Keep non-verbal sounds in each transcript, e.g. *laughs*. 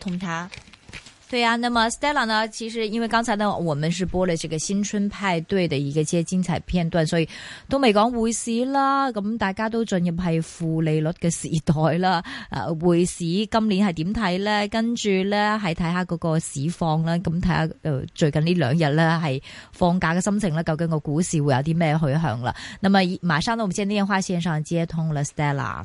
通他，同對啊。那麼 Stella 呢？其實因為剛才呢，我們是播了這個新春派對的一個些精彩片段，所以都未講匯市啦。咁大家都進入係負利率嘅時代啦。誒，匯市今年係點睇呢？跟住呢，係睇下嗰個市況啦。咁睇下誒最近呢兩日呢，係放假嘅心情咧，究竟個股市會有啲咩去向啦？咁麼馬上，我目前電話線上接通了 Stella。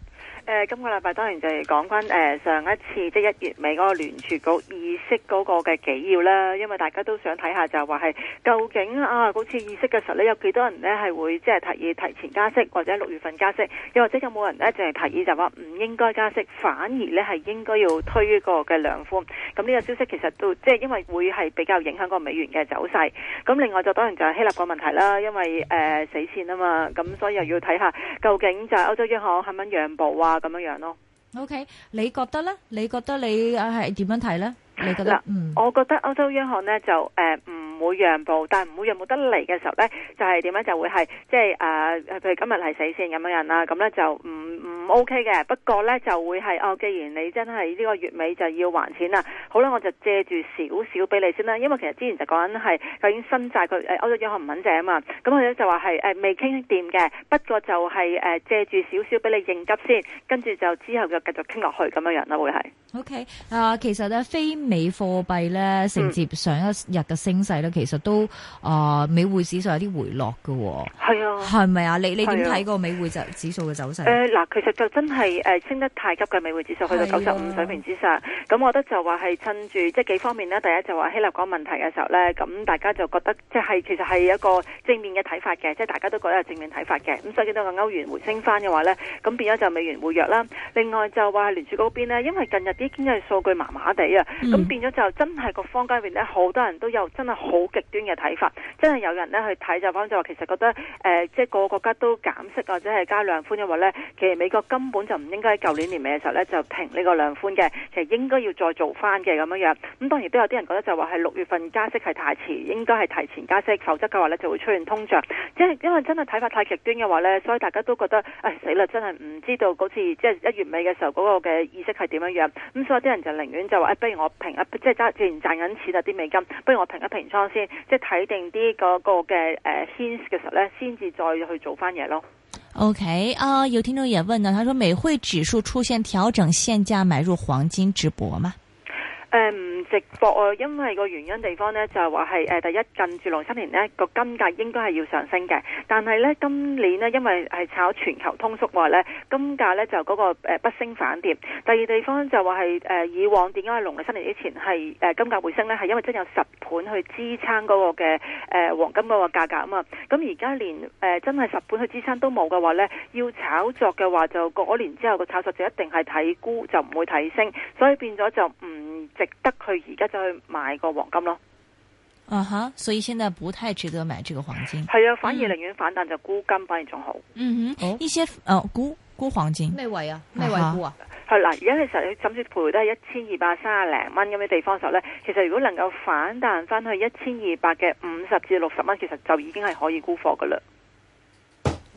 誒、呃，今個禮拜當然就係講翻誒上一次即係一月尾嗰個聯儲局議息嗰個嘅紀要啦，因為大家都想睇下就話係究竟啊嗰次議息嘅時候呢，有幾多人呢係會即係提議提前加息或者六月份加息，又或者有冇人呢就係提議就話唔應該加息，反而呢係應該要推個嘅量寬。咁呢個消息其實都即係因為會係比較影響個美元嘅走勢。咁另外就當然就係希臘個問題啦，因為誒、呃、死線啊嘛，咁所以又要睇下究竟就係歐洲央行肯唔肯讓步啊？咁樣樣咯，OK？你覺得咧？你覺得你誒係點樣睇咧？你覺得、啊、嗯？我覺得歐洲央行咧就誒、呃，嗯。唔會讓步，但係唔會讓步得嚟嘅時候咧，就係、是、點樣就會係即係誒、呃，譬如今日係死線咁樣樣啦，咁咧就唔唔 OK 嘅。不過咧就會係哦，既然你真係呢個月尾就要還錢啦，好啦，我就借住少少俾你先啦。因為其實之前就講緊係究竟新債佢、哎、歐洲央行唔肯借啊嘛，咁我哋就話係誒未傾掂嘅。不過就係、是、誒、呃、借住少少俾你應急先，跟住就之後就繼續傾落去咁樣樣啦，會係 OK 啊、呃。其實咧非美貨幣咧承接上一日嘅升勢咧、嗯。其實都、呃、匯啊，是、是美匯指數有啲回落嘅。係啊，係咪啊？你你點睇過美匯指數嘅走勢？誒，嗱，其實就真係誒、呃、升得太急嘅美匯指數去到九十五水平之上，咁、啊、我覺得就話係趁住即係幾方面呢。第一就話希臘嗰個問題嘅時候呢，咁大家就覺得即係其實係一個正面嘅睇法嘅，即係大家都覺得係正面睇法嘅。咁所以見到個歐元回升翻嘅話呢，咁變咗就美元回弱啦。另外就話聯儲嗰邊呢，因為近日啲經濟數據麻麻地啊，咁變咗就真係個坊間入面呢，好多人都有真係好。好極端嘅睇法，真係有人呢去睇就就話，其實覺得、呃、即係個個國家都減息或者係加量寬，嘅話呢，其實美國根本就唔應該喺舊年年尾嘅時候呢就停呢個量寬嘅，其實應該要再做翻嘅咁樣樣。咁當然都有啲人覺得就話係六月份加息係太遲，應該係提前加息，否則嘅話呢就會出現通脹。即係因為真係睇法太極端嘅話呢，所以大家都覺得死啦、哎！真係唔知道嗰次即係一月尾嘅時候嗰個嘅意識係點樣樣。咁所以啲人就寧願就話、哎、不如我平啊，即係揸自然賺緊錢啊啲美金，不如我平一平。先即係睇定啲嗰個嘅誒嘅時候咧，先至再去做翻嘢咯。OK 啊，uh，有聽眾也問啦，他說美匯指數出現調整，現價買入黃金值搏嘛？誒，唔、呃、直播啊，因為個原因的地方呢，就係話係誒，第一近住農曆新年呢個金價應該係要上升嘅，但係呢，今年呢，因為係炒全球通縮話呢，金價呢就嗰、那個誒、呃、不升反跌。第二地方就話係誒以往點解農曆新年之前係誒、呃、金價回升呢？係因為真有實盤去支撐嗰個嘅誒、呃、黃金嗰個價格啊嘛。咁而家連誒、呃、真係實盤去支撐都冇嘅話呢，要炒作嘅話就過咗年之後個炒作就一定係睇沽就唔會睇升，所以變咗就唔。值得佢而家就去買個黃金咯，啊哈，所以現在不太值得買這個黃金，係啊，反而寧願反彈就沽金，反而仲好。嗯哼，一些誒、哦、沽沽黃金咩位啊？咩位沽啊？係嗱、啊哈，而家其實甚至徘徊都係一千二百三十零蚊咁嘅地方時候咧，其實如果能夠反彈翻去一千二百嘅五十至六十蚊，其實就已經係可以沽貨噶啦。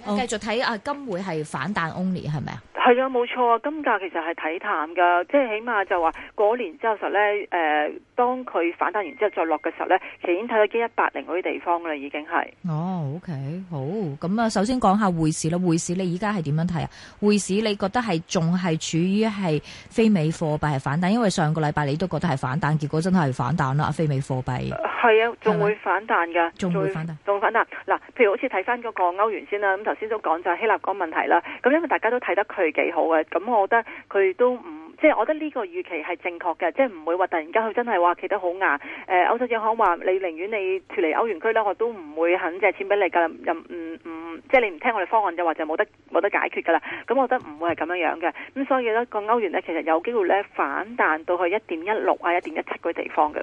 繼、oh. 續睇啊，金匯係反彈 only 係咪啊？係啊，冇錯啊，金價其實係睇淡噶，即係起碼就話過年之後實咧，誒、呃，當佢反彈完之後再落嘅時候咧，其實已經睇到基一百零嗰啲地方啦，已經係。哦、oh,，OK，好，咁啊，首先講下匯市啦，匯市你依家係點樣睇啊？匯市你覺得係仲係處於係非美貨幣係反彈？因為上個禮拜你都覺得係反彈，結果真係反彈啦，非美貨幣。Oh. 係啊，仲會反彈噶，仲會反彈，仲會反彈，嗱，譬如好似睇翻嗰個歐元先啦，咁頭先都講就係希臘嗰個問題啦。咁因為大家都睇得佢幾好嘅，咁我覺得佢都唔，即係我覺得呢個預期係正確嘅，即係唔會話突然間佢真係話企得好硬。誒，歐洲央行話你寧願你脫離歐元區咧，我都唔會肯借錢俾你噶。任唔唔，即係你唔聽我哋方案就或者冇得冇得解決噶啦。咁我覺得唔會係咁樣樣嘅。咁所以咧，個歐元呢，其實有機會呢反彈到去一點一六啊、一點一七嗰地方嘅。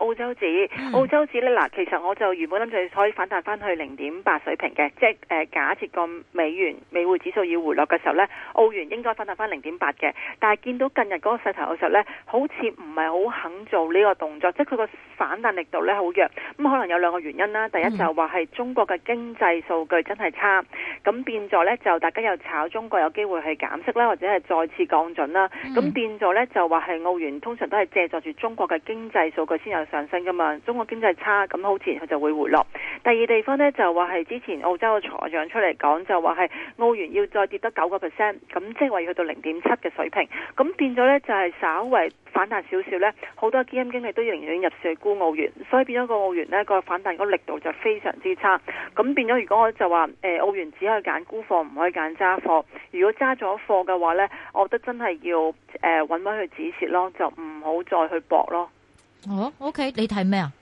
澳洲指，澳洲指、mm. 呢，嗱，其實我就原本諗住可以反彈翻去零點八水平嘅，即係、呃、假設個美元美匯指數要回落嘅時候呢，澳元應該反彈翻零點八嘅。但係見到近日嗰個勢頭嘅時候呢，好似唔係好肯做呢個動作，即係佢個反彈力度呢，好弱。咁可能有兩個原因啦，mm. 第一就話係中國嘅經濟數據真係差，咁變咗呢，就大家又炒中國有機會去減息啦，或者係再次降準啦。咁、mm. 變咗呢，就話係澳元通常都係借助住中國嘅經濟數據。先有上升㗎嘛？中國經濟差，咁好自然佢就會回落。第二地方呢，就話係之前澳洲嘅財長出嚟講，就話係澳元要再跌得九個 percent，咁即係話要到零點七嘅水平。咁變咗呢，就係稍為反彈少少呢，好多基金經理都仍然入市去沽澳元，所以變咗個澳元呢，個反彈個力度就非常之差。咁變咗，如果我就話誒、呃、澳元只可以揀沽貨，唔可以揀揸貨。如果揸咗貨嘅話呢，我覺得真係要誒揾返佢止蝕咯，就唔好再去搏咯。哦，OK，你睇咩啊？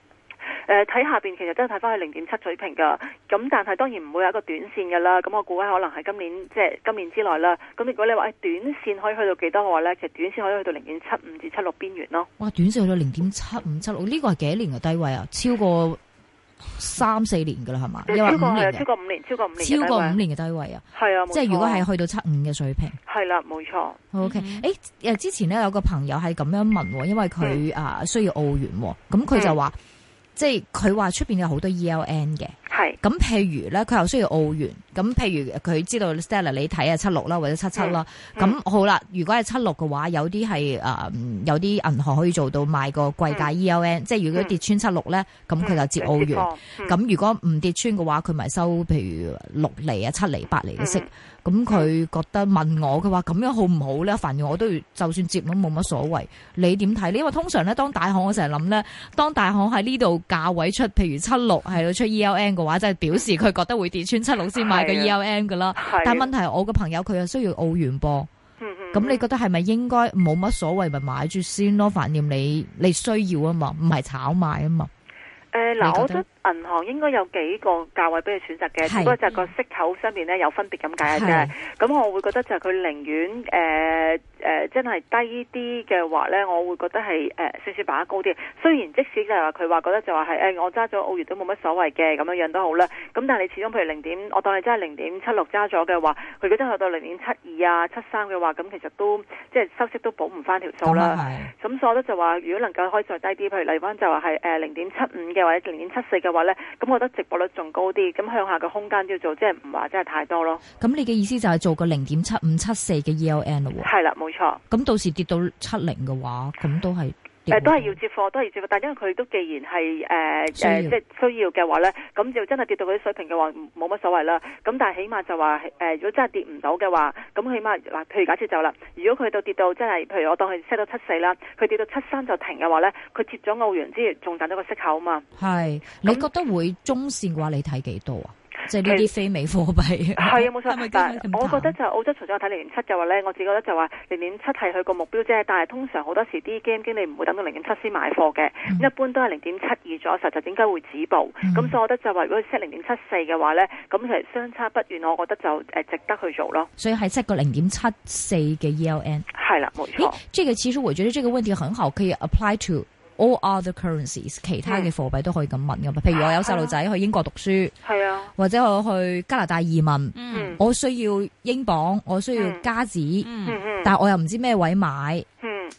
誒，睇下邊，其實真係睇翻去零點七水平噶，咁但係當然唔會有一個短線噶啦，咁我估計可能係今年，即係今年之內啦。咁如果你話誒短線可以去到幾多嘅話咧，其實短線可以去到零點七五至七六邊緣咯。哇，短線去到零點七五七六呢個係幾年嘅低位啊？超過？三四年噶啦，係嘛？因為過五年超過五年，超過五年，超過五年嘅低位啊！係啊，冇錯，即係如果係去到七五嘅水平，係啦，啊，冇錯。O K，誒，誒，之前咧有個朋友係咁樣問，因為佢啊需要澳元，咁佢，嗯，就話，嗯，即係佢話出邊有好多 E L N 嘅。咁，譬如咧，佢又需要澳元。咁譬如佢知道 Stella，你睇下七六啦，或者七七啦。咁、嗯、好啦，如果係七六嘅話，有啲係誒，有啲銀行可以做到賣個貴價 E L N、嗯。即係如果跌穿七六咧，咁佢就接澳元。咁、嗯、如果唔跌穿嘅話，佢咪收譬如六厘啊、七厘、八厘嘅息。咁佢、嗯、覺得問我嘅話，咁樣好唔好咧？反正我都要，就算接都冇乜所謂。你點睇呢？因為通常咧，當大行我成日諗咧，當大行喺呢度價位出，譬如七六係出 E L N 嘅話。話就係表示佢覺得會跌穿七六先買個 E L M 噶啦。是啊是啊、但問題係我個朋友佢又需要澳元噃，咁 *laughs* 你覺得係咪應該冇乜所謂，咪買住先咯？反正你你需要啊嘛，唔係炒賣啊嘛。誒、呃，嗱，我覺得。銀行應該有幾個價位俾你選擇嘅，是只不過就係個息口上面咧有分別咁解嘅啫。咁是我會覺得就係佢寧願誒誒真係低啲嘅話咧，我會覺得係誒少少把握高啲。雖然即使就係話佢話覺得就話係誒我揸咗澳元都冇乜所謂嘅咁樣樣都好啦。咁但係你始終譬如零點，我當你真係零點七六揸咗嘅話，佢如果真係到零點七二啊、七三嘅話，咁其實都即係收息都補唔翻條數啦。咁所以我都就話，如果，啊就是、如果能夠可以再低啲，譬如嚟翻就係誒零點七五嘅或者零點七四嘅。話咧，咁我覺得直播率仲高啲，咁向下嘅空間都要做即係唔話，真係太多咯。咁你嘅意思就係做個零點七五七四嘅 ELN 咯？係啦，冇錯。咁到時跌到七零嘅話，咁都係。誒，都係要接貨，都係要接貨。但因為佢都既然係誒誒，即係需要嘅話咧，咁就真係跌到嗰啲水平嘅話，冇乜所謂啦。咁但係起碼就話，誒、呃，如果真係跌唔到嘅話，咁起碼嗱，譬如假設就啦，如果佢到跌到真係，譬如我當佢 set 到七四啦，佢跌到七三就停嘅話咧，佢接咗澳元之餘，仲等咗個息口啊嘛。係是，那你覺得會中線嘅話，你睇幾多啊？即係呢啲非美貨幣，係啊冇錯，沒錯 *laughs* 是是，但係我覺得就澳洲除咗睇零點七就話咧，我自己覺得就話零點七係佢個目標啫。但係通常好多時啲基金經理唔會等到零點七先買貨嘅，嗯、一般都係零點七二左右實在點解會止步？咁、嗯、所以我覺得就話如果 set 零點七四嘅話咧，咁係相差不遠，我覺得就誒值得去做咯。所以係 set 個零點七四嘅 E L N 係啦，冇錯。呢、這個其實我覺得這個問題很好，可以 apply to。All other currencies，mm. 其他嘅貨幣都可以咁問噶嘛？譬如我有細路仔去英國讀書，Yeah. 或者我去加拿大移民，mm. 我需要英鎊，我需要加紙，mm. 但我又唔知咩位買。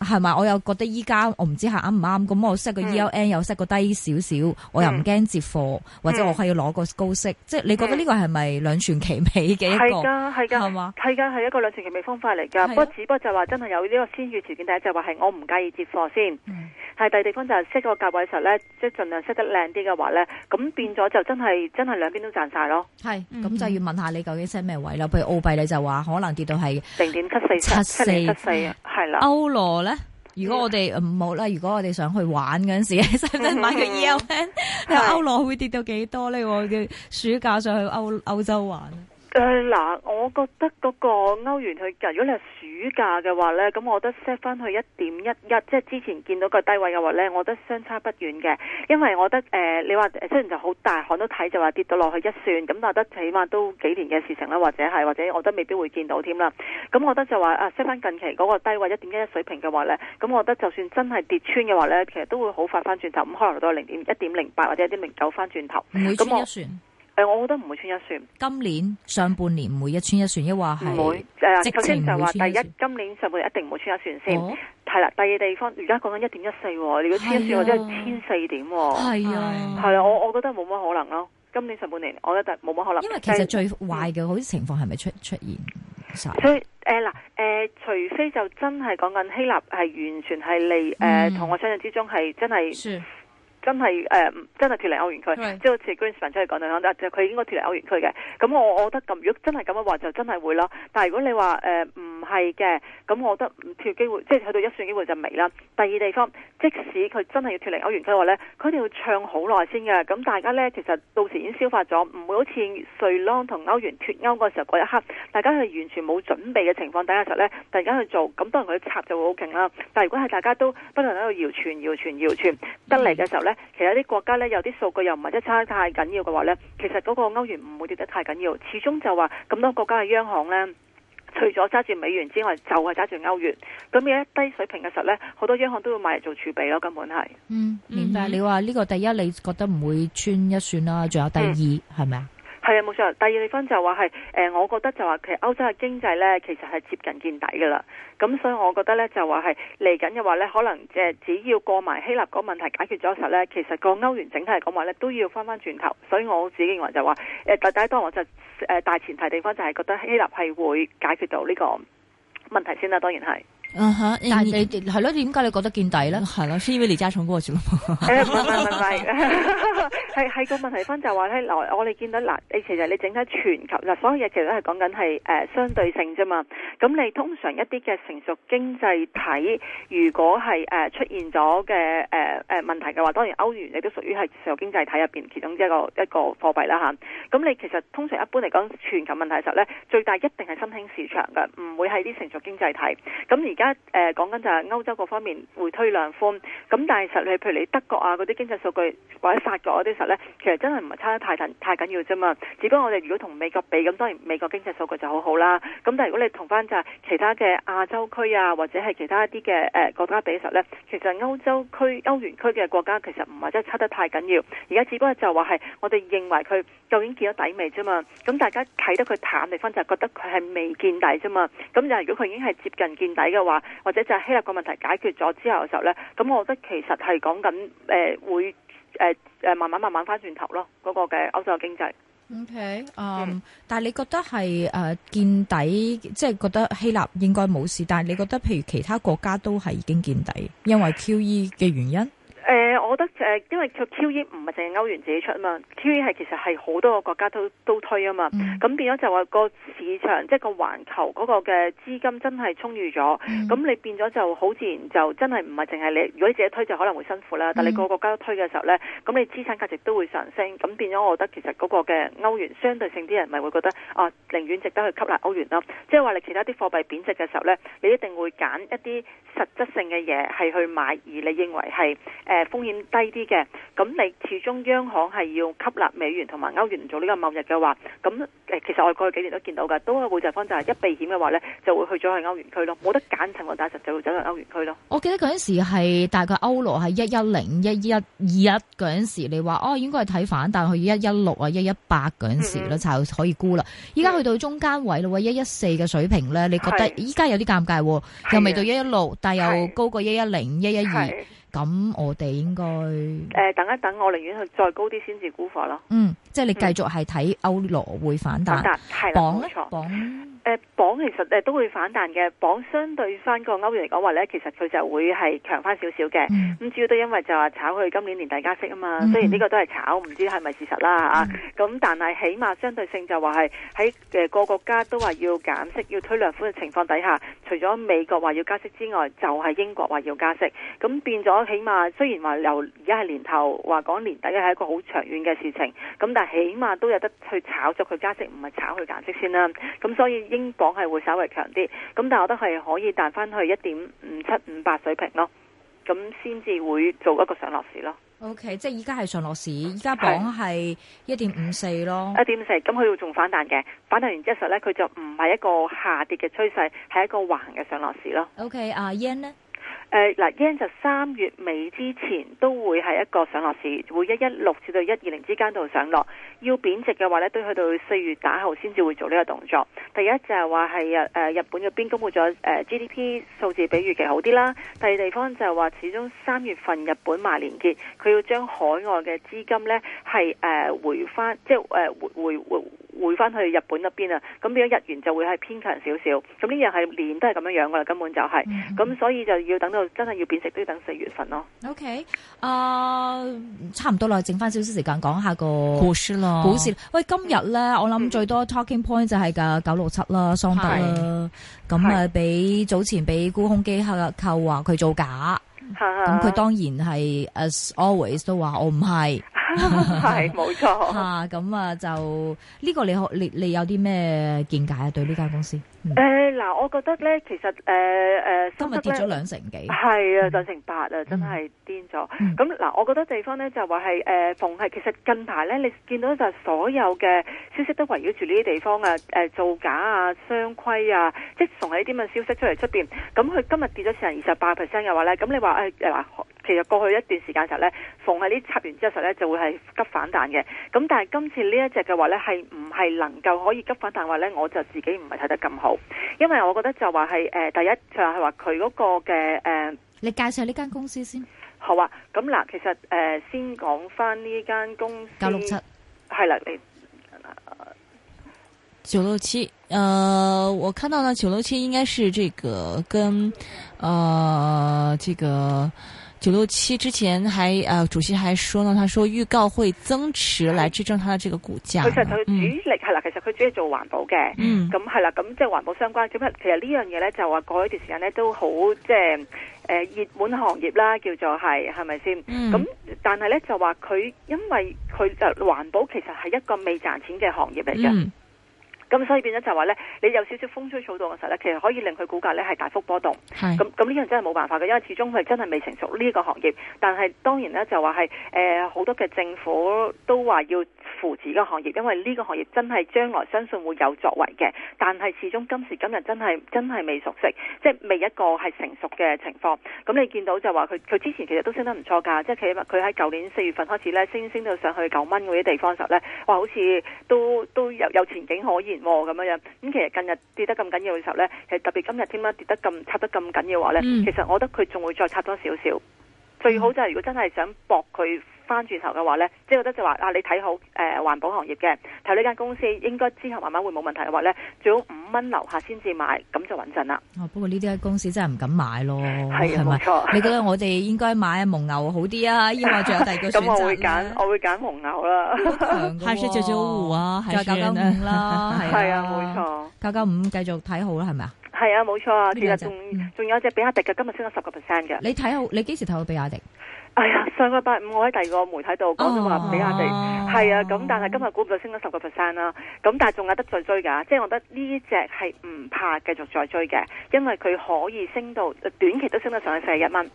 係咪？我又覺得依家我唔知係啱唔啱。咁我 set 個 ELN 又 set 個低少少，我又唔驚接貨，或者我係要攞個高息。即係你覺得呢個係咪兩全其美嘅一個？係噶，係噶，係噶，係一個兩全其美方法嚟噶。不過只不過就係話真係有呢個先決條件，第一就係話係我唔介意接貨先。係第二地方就係 set 個價位時候咧，即係儘量 set 得靚啲嘅話咧，咁變咗就真係真係兩邊都賺晒咯。係咁就要問下你究竟 set 咩位啦？譬如澳幣你就話可能跌到係零點七四七四七四啊，係啦。歐羅咧。如果我哋唔好啦，如果我哋想去玩嗰陣時，使唔使買個 ELN？你話歐羅會跌到幾多咧？我嘅暑假上去歐歐洲玩。誒，嗱、呃，我覺得嗰個歐元佢，如果你係暑假嘅話咧，咁我覺得 set 翻去一點一一，即係之前見到個低位嘅話咧，我覺得相差不遠嘅。因為我覺得，誒、呃，你話雖然很就好大，我都睇就話跌到落去一算，咁我覺得起碼都幾年嘅事情啦，或者係或者，我覺得未必會見到添啦。咁我覺得就話，set 翻近期嗰個低位一點一一水平嘅話咧，咁我覺得就算真係跌穿嘅話咧，其實都會好快翻轉頭，可能到零點一點零八或者一點零九翻轉頭，我覺得唔會穿一船。今年上半年唔會一穿一船，是是一話係唔會，誒，首先就話第一，今年上半年一定唔會穿一船先。係啦、哦，第二地方，而家講緊一點一四，你如果穿一船或者係穿四點，係啊的，係啊，我我覺得冇乜可能咯。今年上半年，我覺得冇乜可能。因為其實最壞嘅好啲情況係咪出出現曬？所以誒嗱誒，除非就真係講緊希臘係完全係離誒，同、嗯呃、我想像之中係真係。真係誒、呃，真係脫離歐元區，即係好似 Greenspan 真係講到，但係就佢應該脫離歐元區嘅。咁我我覺得咁，如果真係咁嘅話，就真係會啦。但係如果你話誒唔係嘅，咁、呃、我覺得脫機會，即係去到一線機會就未啦。第二地方，即使佢真係要脫離歐元區嘅話咧，佢一定要唱好耐先嘅。咁大家咧，其實到時已經消化咗，唔會好似瑞郎同歐元脱歐嗰時候嗰一刻，大家係完全冇準備嘅情況底下時候咧，突然間去做，咁當然佢插就會好勁啦。但係如果係大家都不斷喺度謠傳謠傳謠傳，嗯、得嚟嘅時候咧，其實啲國家咧，有啲數據又唔係真差得太緊要嘅話咧，其實嗰個歐元唔會跌得太緊要，始終就話咁多國家嘅央行咧，除咗揸住美元之外，就係揸住歐元。咁一低水平嘅時候咧，好多央行都會買嚟做儲備咯，根本係。嗯，明白、嗯哼。你話呢個第一，你覺得唔會穿一算啦，仲有第二係咪啊？嗯係啊，冇錯。第二地方就話係，誒、呃，我覺得就話其實歐洲嘅經濟呢，其實係接近見底噶啦。咁所以我覺得咧，就話係嚟緊嘅話呢，可能只要過埋希臘嗰問題解決咗實呢，其實個歐元整體嚟講話呢，都要翻翻轉頭。所以我自己認為就話，誒、呃，大大當我就誒、是呃、大前提的地方就係覺得希臘係會解決到呢個問題先啦，當然係。啊、uh huh，但係係咯，點解你，了你覺得見底咧？係咯了，是因為李嘉誠過咗嗎？唔係唔係，係係個問題方就話咧，我我哋見到嗱，你其實你整體全球嗱，所有嘢其實都係講緊係誒相對性啫嘛。咁你通常一啲嘅成熟經濟體，如果係誒出現咗嘅誒誒問題嘅話，當然歐元你都屬於係成熟經濟體入邊其中一個一個貨幣啦吓。咁你其實通常一般嚟講，全球問題嘅時候咧，最大一定係新興市場嘅，唔會係啲成熟經濟體。咁而而家誒講緊就係歐洲各方面會推量寬，咁但係實你譬如你德國啊嗰啲經濟數據，或者法國嗰啲時候咧，其實真係唔係差得太緊太緊要啫嘛。只不過我哋如果同美國比，咁當然美國經濟數據就好好啦。咁但係如果你同翻就係其他嘅亞洲區啊，或者係其他一啲嘅誒國家比嘅時候咧，其實歐洲區歐元區嘅國家其實唔係真係差得太緊要。而家只不過就話係我哋認為佢究竟見咗底未啫嘛。咁大家睇得佢淡嚟分，就係覺得佢係未見底啫嘛。咁就係如果佢已經係接近見底嘅話，或者就係希臘個問題解決咗之後嘅時候咧，咁我覺得其實係講緊誒會誒誒呃呃呃慢慢慢慢翻轉頭咯，嗰個嘅歐洲經濟。OK，um，嗯，但係你覺得係誒見底，即係覺得希臘應該冇事，但係你覺得譬如其他國家都係已經見底，因為 QE 嘅原因？Uh, 嗯、我覺得誒，因為佢 QE 唔係淨係歐元自己出啊嘛，QE 係其實係好多個國家都都推啊嘛，咁、嗯、變咗就話個市場即係、就是、個環球嗰個嘅資金真係充裕咗，咁、嗯、你變咗就好自然就真係唔係淨係你如果你自己推就可能會辛苦啦，嗯、但係個國家都推嘅時候咧，咁你資產價值都會上升，咁變咗我覺得其實嗰個嘅歐元相對性啲人咪會覺得啊，寧願值得去吸納歐元囉，即係話你其他啲貨幣貶值嘅時候咧，你一定會揀一啲實質性嘅嘢係去買，而你認為係誒。呃風險低啲嘅，咁你始終央行係要吸納美元同埋歐元做呢個貿易嘅話，咁誒，其實我過去幾年都見到噶，都係會，地方就係一避險嘅話咧，就會去咗去歐元區咯，冇得揀，趁我打實就會走去歐元區咯。我記得嗰陣時係大概歐羅係一一零一一二一嗰陣時，你話哦，應該係睇反，但係去一一六啊一一八嗰陣時咧，嗯、哼就可以估啦。依家去到中間位啦喎，一一四嘅水平咧，你覺得依家有啲尷尬，是又未到一一六，但又高過一一零一一二。咁我哋應該誒、呃、等一等，我寧願去再高啲先至沽貨咯。嗯。即係你繼續係睇歐羅會反彈？係啦、嗯，冇鎊錯，鎊、呃、其實誒都會反彈嘅，鎊相對返個歐元嚟講話咧，其實佢就會係強返少少嘅。咁、嗯、主要都因為就話炒佢今年年底加息啊嘛，嗯、雖然呢個都係炒，唔知係咪事實啦嚇。咁、嗯啊、但係起碼相對性就話係喺誒各個國家都話要減息，要推量寬嘅情況底下，除咗美國話要加息之外，就係、是、英國話要加息。咁變咗起碼雖然話由而家係年頭話講年底嘅係一個好長遠嘅事情，咁但起碼都有得去炒作佢加息，唔係炒佢減息先啦。咁所以英鎊係會稍微強啲，咁但係我都係可以彈翻去一點五七五八水平咯，咁先至會做一個上落市咯。OK，即係依家係上落市，依家磅係一點五四咯，一點五四，咁佢要仲反彈嘅，反彈完之後呢，佢就唔係一個下跌嘅趨勢，係一個橫嘅上落市咯。O K，阿 yen 呢？誒嗱、uh,，yen 就三月尾之前都會係一個上落市，會一一六至到一二零之間度上落。要貶值嘅話咧，都去到四月打後先至會做呢個動作。第一就係話係日日本入邊公布咗、呃、GDP 數字比預期好啲啦。第二地方就係話，始終三月份日本埋年結，佢要將海外嘅資金咧係誒回返，即係誒回回回。回翻去日本一邊啊，咁變咗日元就會係偏強少少，咁呢樣係年都係咁樣樣噶啦，根本就係、是，咁、mm hmm. 所以就要等到真係要貶值都要等四月份咯。OK，啊、uh,，差唔多啦，剩翻少少時間講下個股市咯，股市喂，今日咧，我諗最多 talking point 就係噶九六七啦，桑德，咁啊，俾是早前俾沽空機客扣話佢造假，咁佢 *laughs* 當然係 as always 都話我唔係。係，冇錯吓，咁 *laughs* 啊，啊就呢、呢個你學你你有啲咩見解啊？對呢間公司？誒，嗱、嗯呃，我覺得咧，其實誒，誒、呃，呃、今日跌咗兩成幾，係啊、嗯，就成八啊，嗯、真係癲咗。咁嗱、嗯嗯，我覺得地方咧就話係誒，逢係其實近排咧，你見到就所有嘅消息都圍繞住呢啲地方啊，誒、呃，造假啊，雙規啊，即係逢係啲咁嘅消息出嚟出邊。咁佢今日跌咗成二十八 percent 嘅話咧，咁你話誒，嗱、呃，其實過去一段時間時候咧，逢係呢插完之後時候咧，就會係急反彈嘅。咁但係今次呢一隻嘅話咧，係唔係能夠可以急反彈話咧，我就自己唔係睇得咁好。因為我覺得就話係誒，第一就係話佢嗰個嘅誒，呃、你介紹呢間公司先。好啊，咁、嗯、嗱，其實誒、呃，先講翻呢間公司。九六七係啦，你。九六七，誒、呃呃，我看到呢，九六七應該是這個跟，誒、呃，這個。九六七之前還，誒、呃、主席還說呢，他說預告會增持來支撐它的這個股價。其實佢主力係、嗯、啦，其實佢主要做環保嘅，咁係、嗯、啦，咁即係環保相關。咁其實呢樣嘢呢，就話過一段時間呢，都好即係誒熱門行業啦，叫做係係咪先？咁、嗯、但係呢，就話佢因為佢就環保其實係一個未賺錢嘅行業嚟嘅。嗯咁所以變咗就話咧，你有少少風吹草動嘅時候咧，其實可以令佢股價咧係大幅波動。咁咁呢樣真係冇辦法嘅，因為始終佢真係未成熟呢個行業。但係當然咧就話係誒好多嘅政府都話要扶持個行業，因為呢個行業真係將來相信會有作為嘅。但係始終今時今日真係真係未熟悉，即係未一個係成熟嘅情況。咁你見到就話佢佢之前其實都升得唔錯㗎，即係佢佢喺舊年四月份開始咧升升到上去九蚊嗰啲地方嘅時候咧，哇好似都都有有前景可言。咁樣、哦、樣、咁、嗯、其實近日跌得咁緊要嘅時候咧，其實特別今日添啦跌得咁插得咁緊要嘅話咧，嗯、其實我覺得佢仲會再插多少少，最好就係如果真係想搏佢。翻轉頭嘅話咧，即係覺得就話啊，你睇好誒、呃、環保行業嘅，睇呢間公司應該之後慢慢會冇問題嘅話咧，最好五蚊樓下先至買，咁就穩陣啦。哦，不過呢啲公司真係唔敢買咯，係咪、啊？冇吧錯。你覺得我哋應該買蒙牛好啲啊？依個仲有第二個選擇。咁 *laughs* 我會揀，我會揀蒙牛啦。太師趙小湖啊，就九九五啦，係 *laughs* 啊，冇、啊、錯。九九五繼續睇好啦，係咪啊？係啊，冇錯啊。其實仲仲有一隻比亞迪嘅，今日升咗十個 percent 嘅。你睇好？你幾時睇好比亞迪？哎呀，上個禮拜五我喺第二個媒體度講咗話俾阿你，係、oh. 啊，咁但係今日估唔到升咗十個 percent 啦，咁、啊、但係仲有得再追噶，即係我覺得呢隻係唔怕繼續再追嘅，因為佢可以升到短期都升得上去四十一蚊，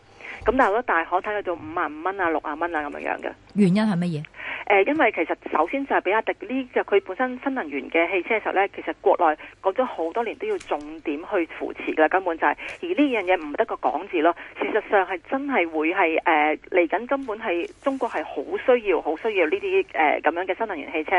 咁但係我大可睇去到五萬五蚊啊、六萬蚊啊咁樣樣嘅，原因係乜嘢？誒、呃，因為其實首先就係比亞迪呢隻佢本身新能源嘅汽車嘅時候呢，其實國內講咗好多年都要重點去扶持嘅根本就係、是，而呢樣嘢唔得個講字咯。事實上係真係會係誒嚟緊根本係中國係好需要好需要呢啲誒咁樣嘅新能源汽車，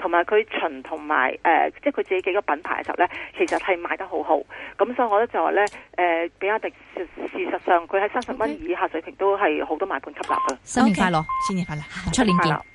還有他巡同埋佢秦同埋誒即係佢自己幾個品牌嘅時候呢，其實係賣得好好。咁所以我覺得就話呢，誒、呃，比亞迪事實上佢喺三十蚊以下水平都係好多買盤吸納嘅。Okay. 新年快樂，新年快樂，出年快樂！